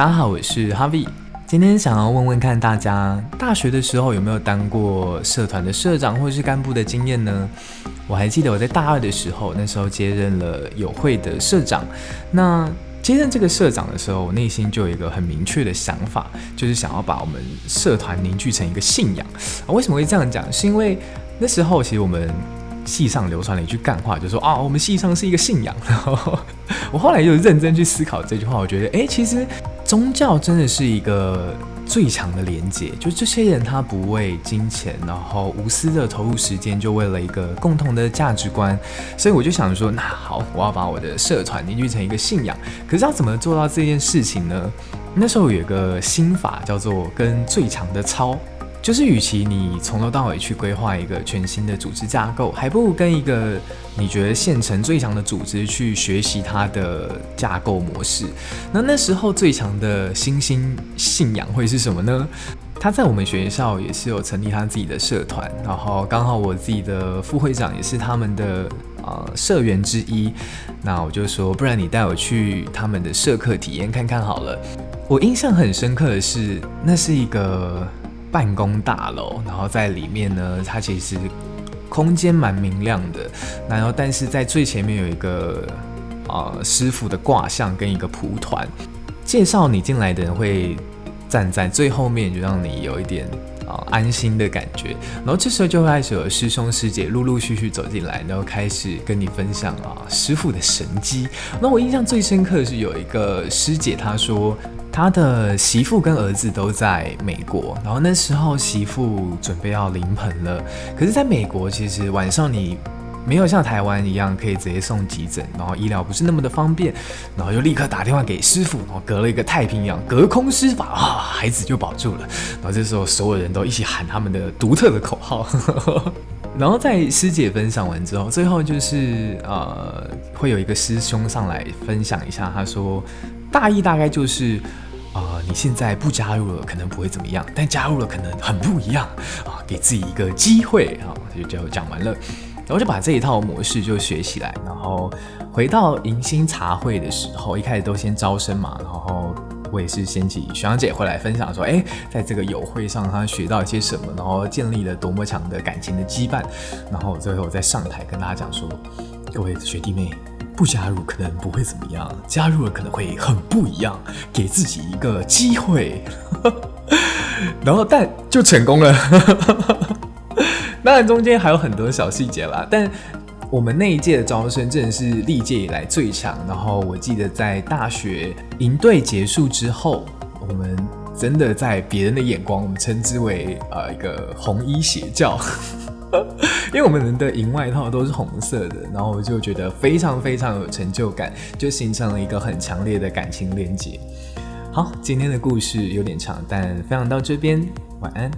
大家好，我是 Harvie。今天想要問問看大家，大學的時候有沒有當過社團的社長或是幹部的經驗呢？我還記得我在大二的時候，那時候接任了友會的社長。那接任這個社長的時候，我內心就有一個很明確的想法，就是想要把我們社團凝聚成一個信仰。啊，為什麼會這樣講？是因為那時候其實我們系上流傳了一句幹話，就說啊，我們系上是一個信仰。然後我後來就認真去思考這句話，我覺得哎，欸，其實。宗教真的是一個最強的連結，就這些人他不為金錢，然後無私的投入時間，就為了一個共同的價值觀。所以我就想說，那好，我要把我的社團凝聚成一個信仰。可是要怎麼做到這件事情呢？那時候有個心法叫做跟最強的抄。就是，與其你從頭到尾去規劃一個全新的組織架構，還不如跟一個你覺得現成最強的組織去學習它的架構模式。那那時候最強的新興信仰會是什麼呢？他在我們學校也是有成立他自己的社團，然後剛好我自己的副會長也是他們的啊、呃、社員之一。那我就說，不然你帶我去他們的社課體驗看看好了。我印象很深刻的是，那是一個。辦公大樓，然後在裡面呢，它其實空間蠻明亮的。然後，但是在最前面有一個啊、呃、師傅的掛像跟一個蒲團，介紹你進來的人會站在最後面，就讓你有一點啊、呃、安心的感覺。然後這時候就會開始有師兄師姐陸陸續續續走進來，然後開始跟你分享啊、呃、師傅的神蹟。那我印象最深刻的是有一個師姐她說。他的媳婦跟兒子都在美國，然後那時候媳婦準備要臨盆了，可是在美國其實晚上你沒有像台灣一樣可以直接送急診，然後醫療不是那麼的方便，然後就立刻打電話給師傅，然後隔了一個太平洋，隔空施法啊，孩子就保住了。然後這時候所有人都一起喊他們的獨特的口號，呵呵，然後在師姐分享完之後，最後就是呃會有一個師兄上來分享一下，他說。大意大概就是，啊、呃，你現在不加入了，可能不會怎麼樣，但加入了可能很不一樣啊，給自己一個機會啊就，就講完了，然後就把這一套模式就學起來，然後回到迎新茶會的時候，一開始都先招生嘛，然後我也是先請學長姐回來分享說，哎，在這個友會上她學到一些什麼，然後建立了多麼強的感情的羈絆，然後最後再上台跟大家講說，各位學弟妹。不加入可能不會怎麼樣，加入了可能會很不一樣，給自己一個機會， 然後但就成功了。 當然中間還有很多小細節啦，但我們那一屆的招生真的是歷屆以來最強。然後我記得在大學營隊結束之後，我們真的在別人的眼光，我們稱之為呃一個紅衣邪教。 因為我們人的銀外套都是紅色的，然後我就覺得非常非常有成就感，就形成了一個很強烈的感情鏈接。好，今天的故事有點長，但分享到這邊，晚安。